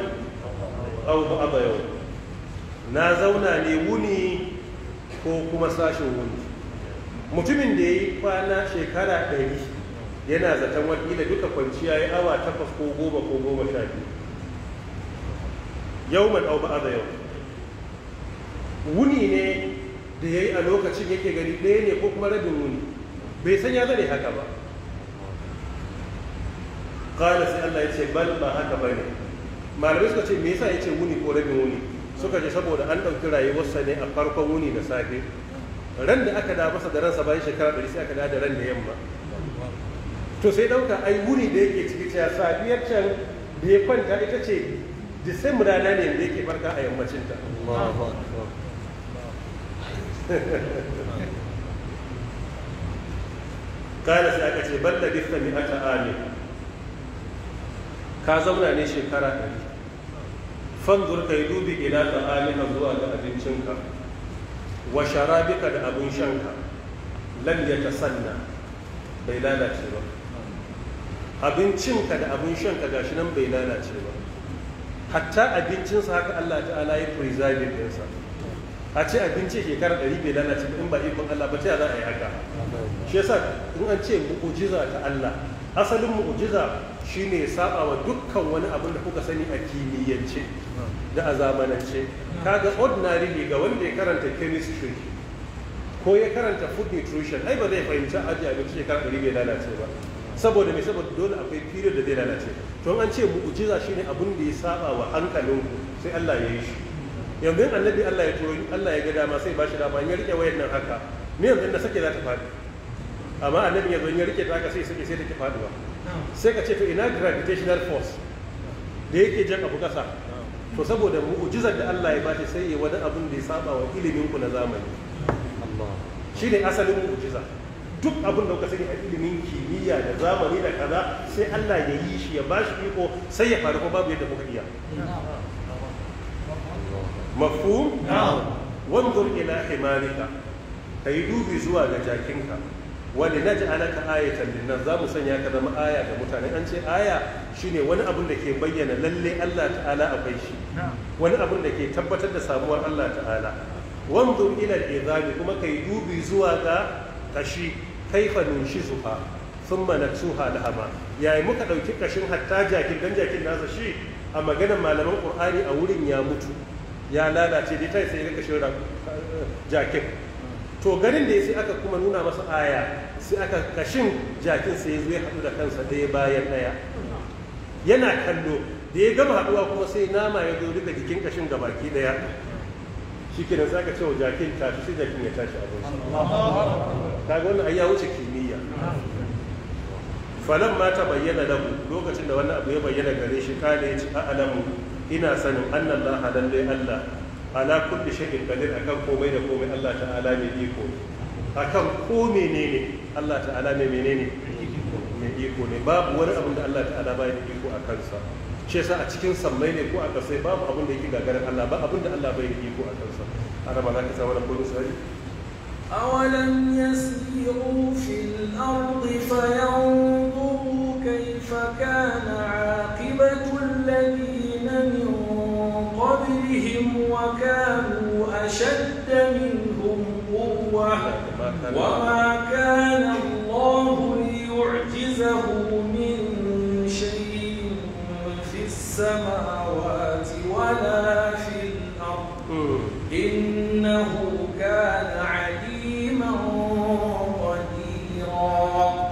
au ba yau na zauna ne wuni ko kuma sashin wuni mutumin da ya yi kwana shekara ɗari yana zaton da duka kwanciya ya awa takwas ko goma ko goma sha biyu yau man ɗau ba'a yau wuni ne da ya yi a lokacin yake gani ɗaya ne ko kuma rabin wuni bai san ya zane haka ba kala sai Allah ya ce bal ba haka ba ne malamai suka ce me yasa ya ce wuni ko rabin wuni suka ce saboda an ɗauki rayuwarsa ne a farkon wuni da safe ran da aka da masa da ransa bayan shekara ɗari sai aka da da ran da yamma to sai ɗauka ai wuri da yake ciki cewa safiyar can da ya kwanta ita ce disemba rana ne da yake farka a yammacin ta kala sai aka ce balla gifta mi ata amin ka zauna ne shekara ɗari fanzur ka yi dubi ila ta amina zuwa ga abincinka wa sharabika da abun shanka lam ya tasanna bai lalace ba abincinka da abun shanka gashi nan bai lalace ba hatta abincinsa haka Allah ta'ala ya preserve ɗinsa a ce abinci shekara ɗari bai lalace ba in ba ikon Allah ba ta za a yi haka shi yasa in an ce mu'ujiza ta Allah asalin mu'ujiza shine ya saba wa dukkan wani abin da kuka sani a kimiyyance da a zamanance kaga ordinary ga wanda ya karanta chemistry ko ya karanta food nutrition ai ba zai fahimci aji abinci shekara ɗari bai lalace ba saboda mai saboda dole akwai period da zai lalace to an ce mu mu'jiza shine abin da ya saba wa hankalinku sai Allah ya yi shi yanzu annabi Allah ya turo Allah ya ga dama sai ba shi dama ya rike wayar nan haka ni yanzu na sake za ta faɗi amma annabi yanzu ya rike ta haka sai sai ta ki faɗuwa sai ka ce to ina gravitational force da yake jan abu kasa to saboda mu'ujizar da Allah ya bata sai ya wani abin da ya saba wa ilimin ku na zamani shi ne asalin mu'ujiza duk abin da kuka sani a ilimin kimiyya da zamani da kaza sai Allah ya yi shi ya bashi iko sai ya faru ko babu yadda kuka iya mafhum na'am wanzur ila himarika kai dubi zuwa ga jakinka wani na ji alaka ayatan linnan za mu sanya ka zama aya ga mutane an ce aya shine wani abun da ke bayyana lalle Allah ta'ala akwai shi wani abun da ke tabbatar da samuwar Allah ta'ala Wanzu ila izami kuma kai dubi zuwa ga kashi kaifa nunshizuha thumma da hama. yayi muka ɗauki kashin hatta jakin dan jakin nasa shi a maganar malaman ƙur'ani a wurin ya mutu ya lalace dai tai sai ya kashin eh, jakin to garin da ya sai aka kuma nuna masa aya sai aka kashin jakin sai ya zo ya haɗu da kansa ɗaya bayan ɗaya yana kallo da ya gama haɗuwa kuma sai nama ya zo duka jikin kashin ga baki ɗaya shi kenan sai aka ce jakin tashi sai jakin ya tashi a bai kaga wannan ai wuce kimiyya falan mata bayyana lahu lokacin da wani abu ya bayyana gare shi kada ya ci a'lamu ina sanin annallaha lallai Allah ala kulli shay'in qadir akan komai da komai Allah ta'ala mai iko ne akan ko menene Allah ta'ala mai menene mai iko ne babu wani abin da Allah ta'ala bai da iko a kansa shi yasa a cikin sammai ne ko a kasai babu abin da yake gagarin Allah ba abin da Allah bai da iko a kansa araba za ka samu wani kodin sari أولم يسيروا في الأرض فينظروا كيف كان عاقبة الذين وكانوا أشد منهم قوة وما كان الله ليعجزه من شيء في السماوات ولا في الأرض إنه كان عليما قديرا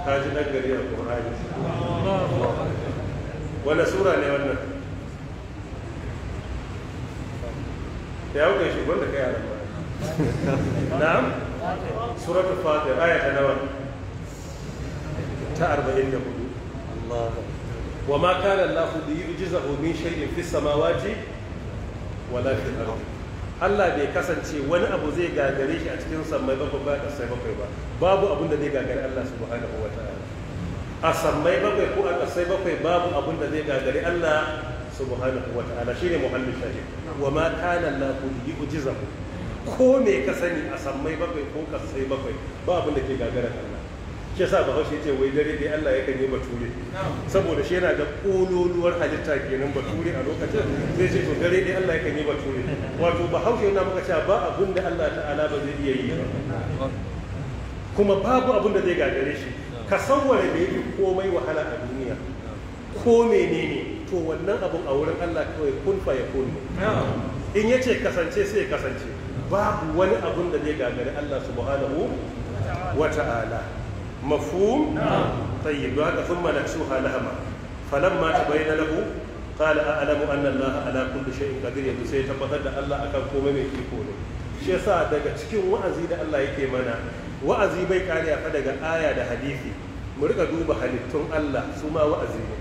هذه نقدر يا القرآن ولا سورة لأنك da ya kai shugaban da kai a nan na'am suratul fatir aya ta nawa ta 44 Allah wa ma kana Allah li yujizahu min shay'in fis samawati wala fil ardi Allah bai kasance wani abu zai gagare shi a cikin sammai bakwai ba kasai bakwai ba babu abin da zai gagare Allah subhanahu wa ta'ala a sammai bakwai ko a kasai bakwai babu abin da zai gagare Allah subhanahu wa ta'ala shine muhallin shari'a wa ma kana Allahu yu'jizahu ko me ka sani a sammai bakwai ko kasai bakwai ba abin da ke gagara Allah shi yasa Bahaushe yace wai dare dai Allah yakan yi bature saboda shi yana da kololuwar halitta kenan bature a lokacin sai ce to dare dai Allah yakan yi bature wato Bahaushe yana maka cewa ba abin da Allah ta'ala ba zai iya yi ba kuma babu abin da zai gagare shi ka sawwara da yake komai wahala a duniya ko menene to wannan abun a wurin Allah kawai kun fa kun in ya ce kasance sai ya kasance babu wani abun da zai gagari Allah subhanahu wa ta'ala mafhum tayyib ka thumma naksuha lahama falamma tabayyana lahu qala a'lamu anna Allah ala kulli shay'in qadir yanzu sai tabbatar da Allah akan komai mai iko ne shi yasa daga cikin wa'azi da Allah yake mana wa'azi bai kare fa daga aya da hadisi mu rika duba halittun Allah su ma wa'azi ne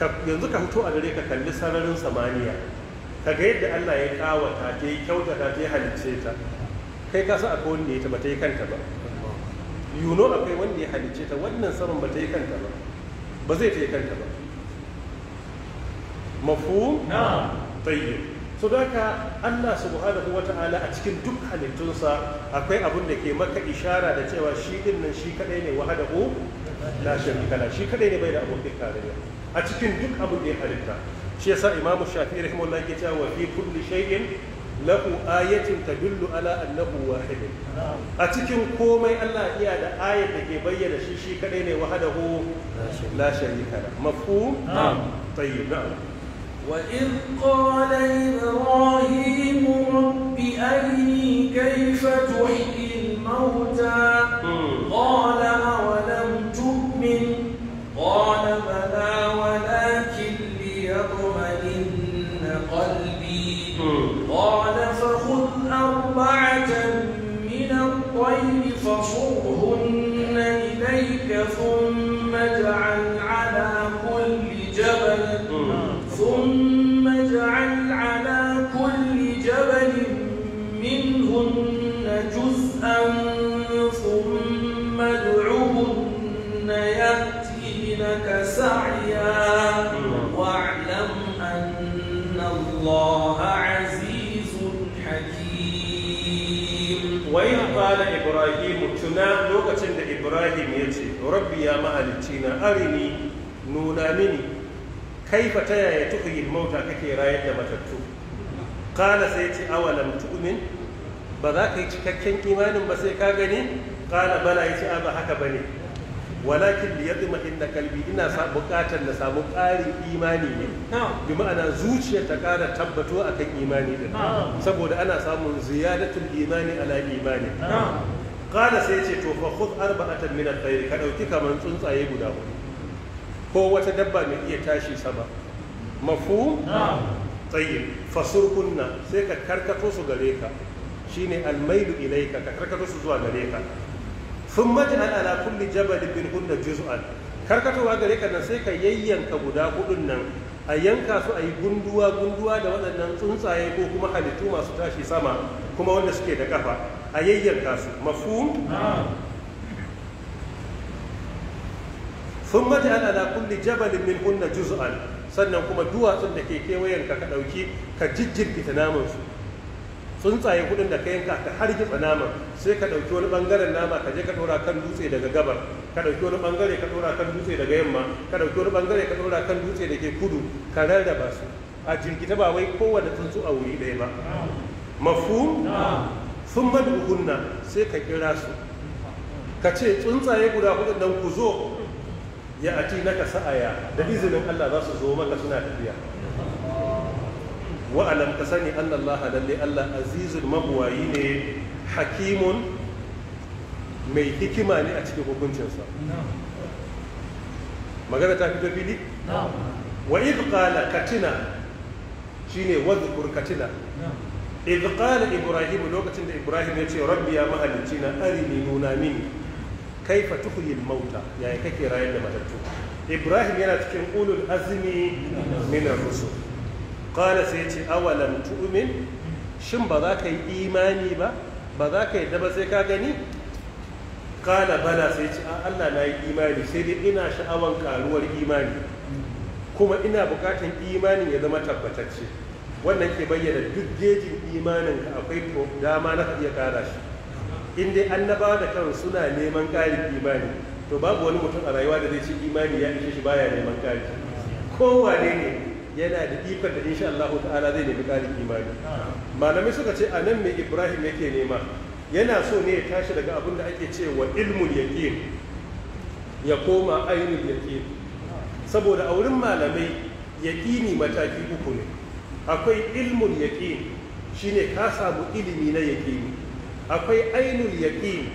yanzu ka fito a dare ka kalli sararin samaniya ka ga yadda Allah ya kawata ta yi kyautata ta yi halice ta kai ka sa akwai wanda ya ta ba ta yi kanta ba Yuno akwai wanda ya halice ta wannan saman ba ta yi kanta ba ba zai ta yi kanta ba mafu na tayyib so da ka Allah subhanahu wata'ala a cikin duk halittunsa akwai abin da ke maka ishara da cewa shi din nan shi kadai ne wahadahu la sharika la shi kadai ne bai da abokin tarayya a cikin duk abin da ya halitta shi yasa imamu shafi rahimahullah ke cewa wa fi kulli shay'in lahu ayatin tadullu ala annahu wahid a cikin komai Allah iya da ayat da ke bayyana shi shi kadai ne wahadahu la sharika la mafhum tayyib na'am وإذ قال إبراهيم رب أرني كيف تحيي الموتى قال Ina lokacin da ibrahim ya ce rabbi ya mahalicci na arini nuna mini kaifa ta yaya yin mauta kake rayar da matattu kala sai ce awalam tukumin ba za ka yi cikakken imanin ba sai ka gani kala bala ya ce a haka ba ne walakin da ya zuma inda kalbi ina bukatar na samu ƙarin imani ne bi ma'ana zuciyar ta ƙara tabbato akan imani din saboda ana samun ziyadatul imani ala imani kada sai ce to fa khudh arba'atan min al-tayr ka dauki kaman tsuntsaye guda hudu ko wata dabba mai iya tashi sama mafu tsayin surkunna sai ka karkato su gare ka shine almailu ilaika ka karkato su zuwa gare ka sun majal ala kulli jabal bin hunna juz'an karkatowa gare ka nan sai ka yayyanka guda hudun nan a yanka su a yi gunduwa gunduwa da waɗannan tsuntsaye ko kuma halittu masu tashi sama kuma wanda suke da kafa a yayyarka su mafu? sun maji ana na kulli jabalin min hunna juz'an sannan kuma duwatsun da ke kewayen ka ɗauki ka jijjirkita naman su tsuntsaye kudin da ka yanka ka hargitsa naman sai ka ɗauki wani ɓangaren nama ka je ka ɗora kan dutse daga gabar ka ɗauki wani ɓangare ka ɗora kan dutse daga yamma ka ɗauki wani ɓangare ka ɗora kan dutse da ke kudu ka rarraba su a jirgita ba wai kowane tsuntsu a wuri ɗaya ba mafhum sun maduhunna sai ka kira su ka ce tsuntsaye guda hudu nan ku zo ya ati na ka sa'aya da izinin Allah za su zo maka suna tafiya alam ka sani an Allah lalle Allah azizul mabuwayi ne hakimun mai hikima ne a cikin hukuncinsa magana ta fito fili wa idh qala katina shine wadhkur katina idh ibrahim lokacin da ibrahim ya ce rabbi ya mahalicci na arini nuna mini kaifa tuhyil mauta yayi kake rayar da matattu ibrahim yana cikin ulul azmi min ar-rusul qala sai ce awalam tu'min shin ba za ka yi imani ba ba za ka yi daba sai ka gani qala bala sai ce a Allah na yi imani sai dai ina sha'awan karuwar imani kuma ina bukatan imanin ya zama tabbatacce wannan ke bayyana duk gejin imanin ka akwai dama na ka iya kara shi in dai annaba da kan suna neman ƙarin imani to babu wani mutum a rayuwa da zai ce imani ya ishe shi baya neman ƙari kowane ne yana da ikon da insha Allah ta'ala zai nemi ƙarin imani malamai suka ce a nan mai Ibrahim yake nema yana so ne ya tashi daga abin da ake ce wa ilmul yaqin ya koma ainul yaqin saboda a wurin malamai yaƙini mataki uku ne akwai ilmul yaqin shine ka samu ilimi na yaqini akwai ainul yaqin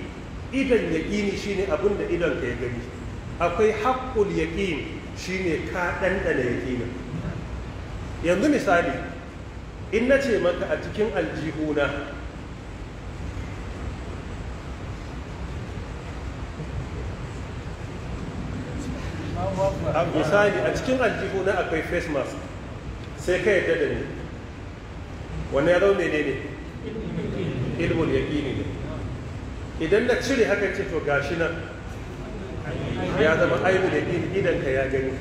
idan yaqini shine abin da idan ka ya gani akwai haqqul yaqin shine ka dandana yaqinin yanzu misali in na ce maka a cikin aljihuna misali a cikin aljihuna akwai face mask sai ka yadda da ni Wani ya zaune ne ne ilmul ya ne idan na cire haka ce to gashi nan ya zama aibul yaqini idan ka ya gani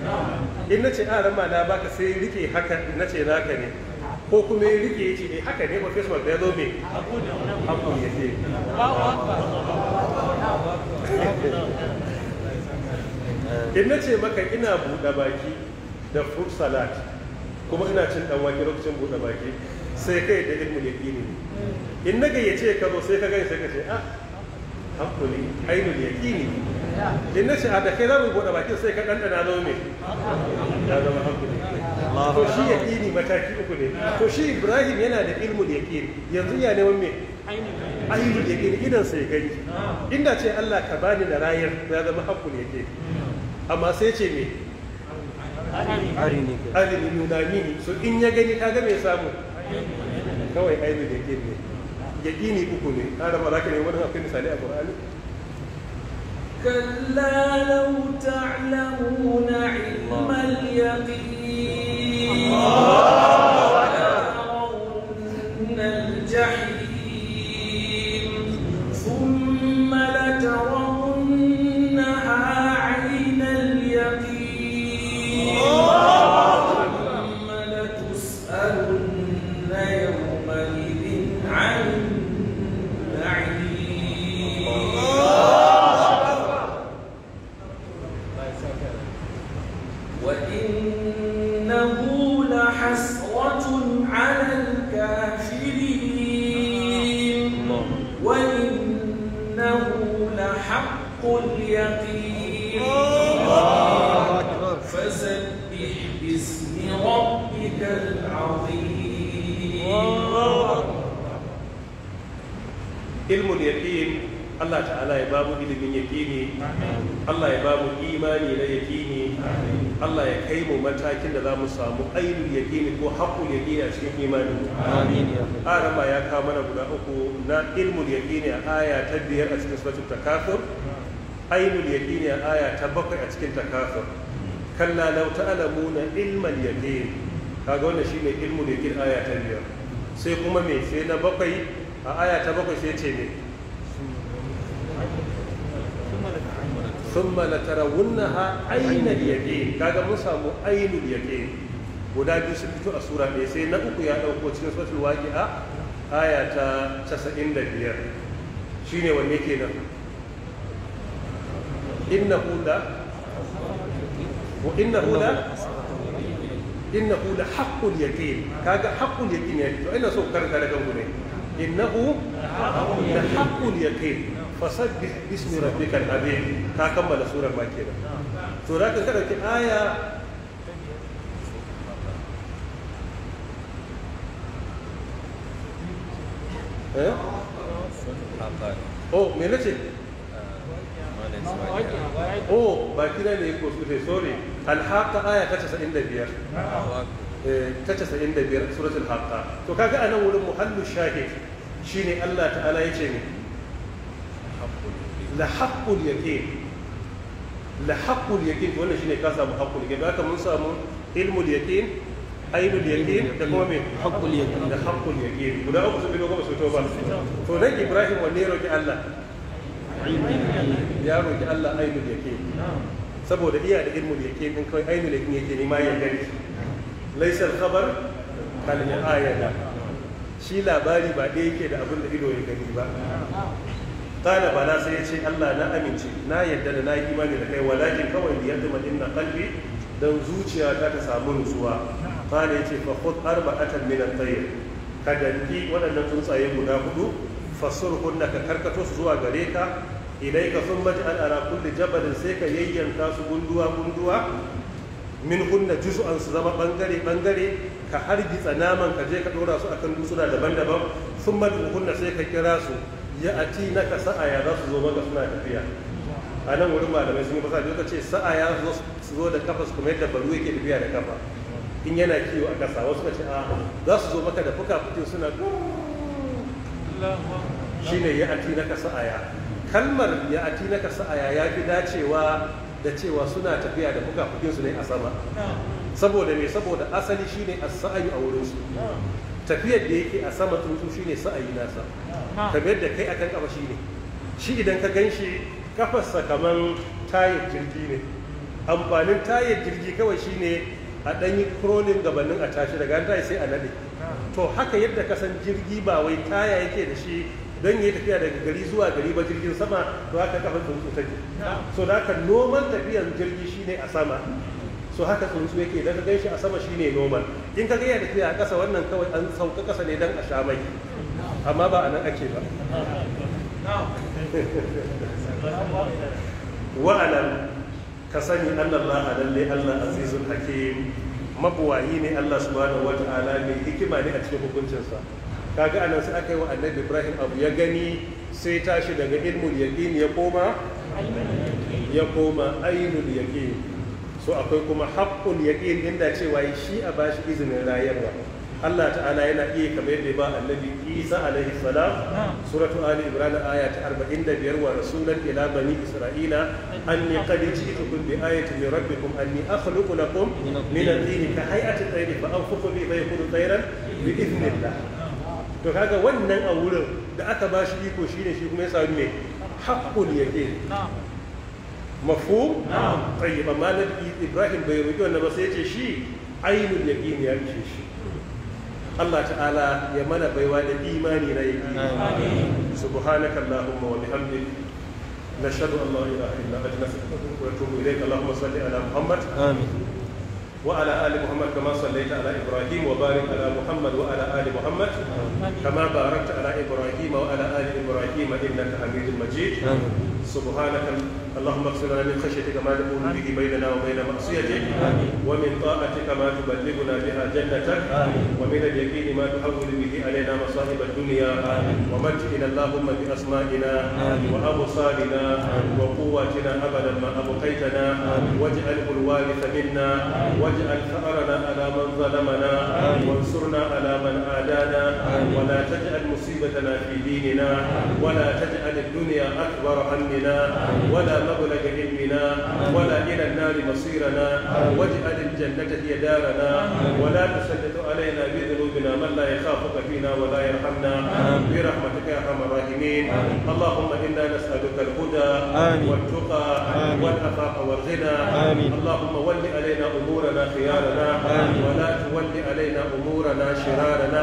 in ce a ran mana na baka sai rike haka na nace ka ne ko kuma ya rike ce ne eh haka ne ba face da ya zo me abu ya ce in nace maka ina buɗe baki da fruit salad kuma ina cin dan wake lokacin buɗe baki sai kai da ilmu ne ne mm. in na gayyace ka zo sai ka gani sai ka ce a ah ainu ainul yaqini in na ce a ah, da kai za mu buɗe baki sai ka ɗanɗana zo me ya zama hankuli to shi yaqini mataki uku ne to shi Ibrahim yana da ilmul ne. yanzu ya neman me ainul ne idan sai gani inda ce Allah ka bani da rayar ya zama hankuli yaqini mm. amma sai ce me arini yunani ne so in ya gani kaga mai samu kawai aini da yake ne ya gini uku ne ƙara ba za ne nemi akwai misali a ƙur'ani kalla لو تعلمون علم اليقين Allah ya babu ilimin yaƙini Allah ya babu imani na yaƙini Allah ya kai mu matakin da za mu samu ainul yaƙini ko haqqul yaƙini a cikin imani amin arama ya kawo mana guda uku na ilmul yaƙini a aya ta biyar a cikin suratul takathur ainul yaƙini a aya ta bakwai a cikin takathur kalla law na ilmal yaqini kaga wannan shine ilmul yaqini aya ta biyar sai kuma me sai na bakwai a aya ta bakwai sai ce me thumma aina aynal yaqin kaga mun samu ainul yaqin guda biyu su fito a sura ɗaya sai na uku ya ɗauko cikin suratul waqi'a aya ta 95 shine wanne kenan innahu la wa inna huda inna huda haqqul yaqin kaga haqqul yaqin ya fito ina so karkara kan gune innahu la haqqul yaqin fasabbih bismi rabbikal azim ta kammala surar ma kenan to da ka dauki aya eh oh me nace oh ba kira ne ko su eh, sorry alhaqa aya ta 95 eh, ta 95 suratul haqa to kaga anan wurin muhallu shahid shine Allah ta'ala yace ne la haqqul yaqin la haqqul yaqin wannan shine ka samu haqqul yaqin haka mun samu ilmul yaqin ainul yaqin da kuma me haqqul yaqin da haqqul yaqin guda uku sun bido gaba su to ba to nan ibrahim wanne ya roki Allah ya roki Allah ainul yaqin saboda iya da ilmul yaqin din kai ainul yaqin yake ne ma ya gari laysa al-khabar kal mu'ayyada shi labari ba ɗaya yake da abin da ido ya gani ba qala bala sai ya ce Allah na amince na yadda da na yi imani da kai walakin kawai da yadda madinna kalbi don zuciya ta ta samu nutsuwa kala ya ce fa arba arba'atan min minan ka danki waɗannan tsuntsaye guda hudu hunna ka karkato su zuwa gare ka idai ka sun mace an ara kulli jabalin sai ka yayyanka su gunduwa gunduwa min hunna juz'an su zama bangare bangare ka hargitsa naman ka je ka ɗora su akan dutsuna daban-daban sun mace hunna sai ka kira su ya ati na ka sa'aya za su zo maka suna tafiya a nan wurin malamai sun yi fasa da ce sa'aya su zo da kafa su kuma yadda baru yake tafiya da kafa in yana kiwo a kasa wasu ka ce a za su zo maka da fuka-fuki suna shi ne ya ati na ka sa'aya kalmar ya ati na ka sa'aya ya fi dacewa da cewa suna tafiya da fuka-fukinsu ne a sama saboda me saboda asali shine as-sa'ayu a wurinsu tafiyar da yake a sama tsuntsu shine sa'ayi nasa kamar da kai akan kafa shine shi idan ka gan shi kafarsa kamar tayar jirgi ne amfanin tayar jirgi kawai shine a ɗan yi krolin gabanin a tashi daga an sai a naɗe to haka yadda ka san jirgi ba wai taya yake da shi don yi tafiya daga gari zuwa gari ba jirgin sama to haka kafar tsuntsu take so da haka noman tafiyan jirgi shine a sama so haka tsuntsu yake daga gan shi a sama shine normal in ka gaya da tafiya a ƙasa wannan kawai an sauka ƙasa ne don a sha mai amma ba a nan ake ba [LAUGHS] wa'anan ka sani annan laha lalle allah azizun hake mabuwayi ne allah su da wata ala mai hikima ne a cikin hukuncinsa kaga anan sai aka yi wa annabi ibrahim abu ya gani sai tashi daga ilmul yaqin ya koma ya koma ainul yaqin so akwai kuma haƙƙul yaqin inda cewa shi a bashi izinin rayarwa Allah ta'ala yana iya kamar yadda ba annabi Isa alaihi salam suratu ali imran aya ta 45 wa rasulan ila bani isra'ila anni qad ji'tukum bi ayati min rabbikum anni akhluqu lakum min al-tin ka hay'ati tayri fa anfukhu bi fayakunu tayran bi idhnillah to kaga wannan a wurin da aka bashi iko shine shi kuma ya samu me haqqul yaqin mafu tayyib amma na ibrahim bai roƙi wannan ba sai ya ce shi ainul yaqin ya ce shi Allah ta'ala ya mana baiwa da imani na yaqini amin subhanaka allahumma wa bihamdika nashhadu an la ilaha illa anta nastaghfiruka wa ala muhammad amin وعلى آل محمد كما صليت على إبراهيم وبارك على محمد وعلى آل محمد كما باركت على إبراهيم وعلى آل إبراهيم إنك حميد مجيد آمين. سبحانك اللهم اغفر لنا من خشيتك ما تكون به بيننا وبين معصيتك ومن طاعتك ما تبلغنا بها جنتك ومن اليقين ما تحول به علينا مصائب الدنيا ومتعنا اللهم باسمائنا وابصارنا وقواتنا ابدا ما ابقيتنا واجعله الوارث منا واجعل ثارنا على من ظلمنا وانصرنا على من عادانا ولا تجعل مصيبتنا في ديننا ولا تجعل الدنيا أكبر همنا ولا مبلغ علمنا ولا إلى النار مصيرنا واجعل الجنة دارنا ولا تسلط علينا بذنوبنا من لا يخافك فينا ولا يرحمنا برحمتك يا أرحم الراحمين اللهم إنا نسألك الهدى والتقى والعفاف والغنى اللهم ول علينا أمورنا خيارنا ولا تول علينا أمورنا شرارنا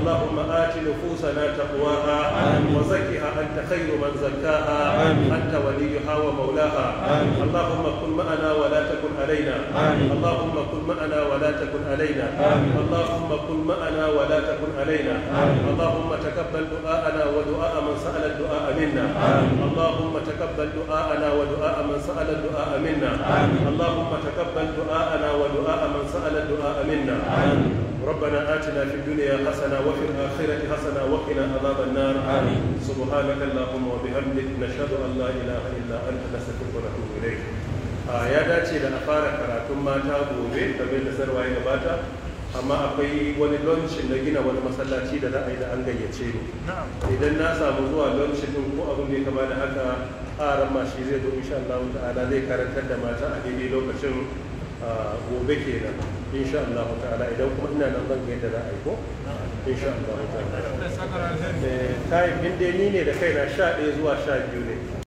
اللهم آت أنفسنا تقواها وزكها أنت خير من زكاها أنت وليها ومولاها اللهم كن معنا ولا تكن علينا اللهم كن معنا ولا تكن علينا اللهم كن معنا ولا تكن علينا اللهم تقبل دعاءنا ودعاء من سأل الدعاء منا اللهم تقبل دعاءنا ودعاء من سأل الدعاء منا اللهم تقبل دعاءنا ودعاء من سأل الدعاء منا ربنا آتنا في الدنيا حسنة وفي الآخرة حسنة وقنا عذاب النار آمين سبحانك اللهم وبحمدك نشهد أن لا إله إلا أنت نستغفرك ونتوب إليك ya dace da a fara karatun mata gobe da bai da sarwa ya gabata amma akwai wani launcin na gina wani masallaci da za da an gayyace ni idan na samu zuwa launcin din ko abin da ya kama da haka aran ma shi zai zo insha Allah ta'ala zai karantar da mata a daidai lokacin gobe kenan in sha Allah ta'ala idan kuma ina nan zan ga yadda za a yi ko insha Allah ta'ala eh tayin din dai ni ne da kaina 11 zuwa 12 ne